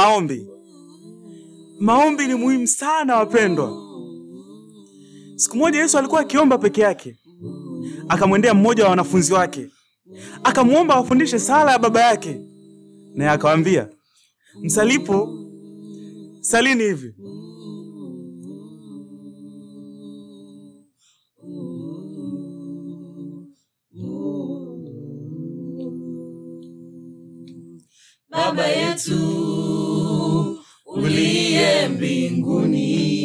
Maombi. Maombi ni muhimu sana wapendwa. Siku moja Yesu alikuwa akiomba peke yake, akamwendea mmoja wa wanafunzi wake, akamwomba awafundishe sala ya baba yake, naye akawaambia, msalipo salini hivi Baba yetu uliye mbinguni,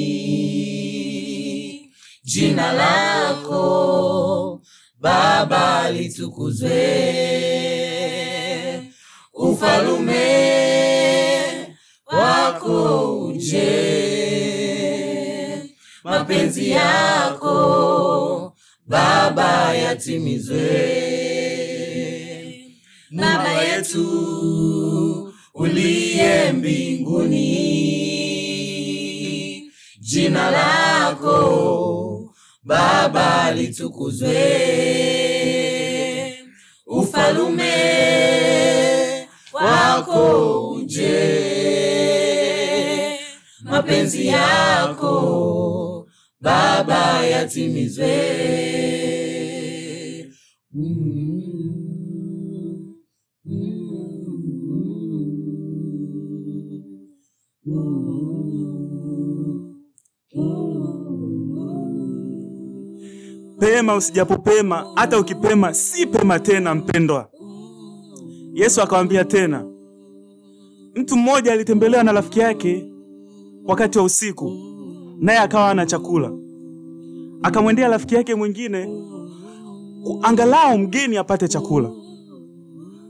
jina lako Baba litukuzwe, ufalume wako uje, mapenzi yako Baba yatimizwe. Baba yetu uliye mbinguni, jina lako Baba litukuzwe, ufalume wako uje, mapenzi yako Baba yatimizwe. Mm. pema usijapopema, hata ukipema si pema tena, mpendwa. Yesu akamwambia tena, mtu mmoja alitembelewa na rafiki yake wakati wa usiku, naye akawa ana chakula. Akamwendea rafiki yake mwingine angalau mgeni apate chakula.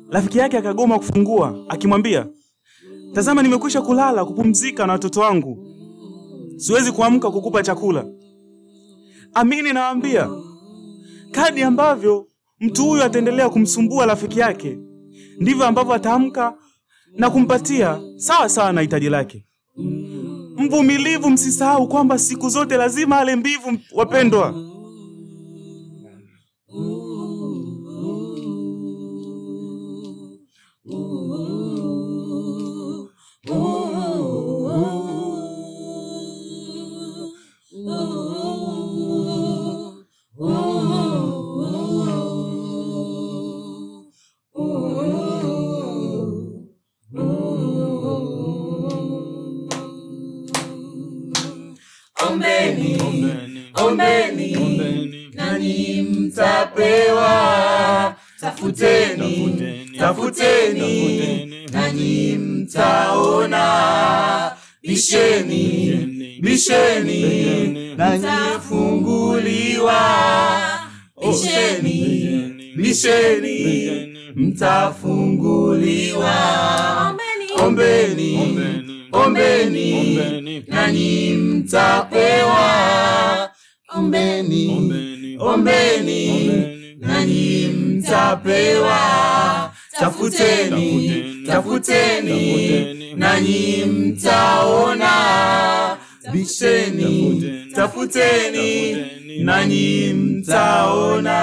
Rafiki yake akagoma kufungua, akimwambia, tazama, nimekwisha kulala kupumzika na watoto wangu, siwezi kuamka kukupa chakula. Amini naambia, kadi ambavyo mtu huyu ataendelea kumsumbua rafiki yake, ndivyo ambavyo ataamka na kumpatia sawa sawa na hitaji lake. Mvumilivu, msisahau kwamba siku zote lazima ale mbivu, wapendwa. ombeni ombeni, nani mtapewa tafuteni tafuteni nani mtaona bisheni bisheni mtafunguliwa bisheni bisheni mtafunguliwa ombeni, ombeni ombeni, ombeni, nanyi mtapewa. Ombeni, ombeni, ombeni, nanyi mtapewa. Tafuteni, tafuteni, nanyi mtaona. Bisheni, tafuteni, nanyi mtaona.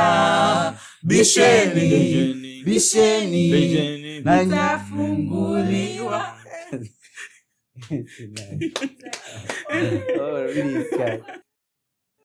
Bisheni, bisheni, nanyi mtafunguliwa. oh, really scared.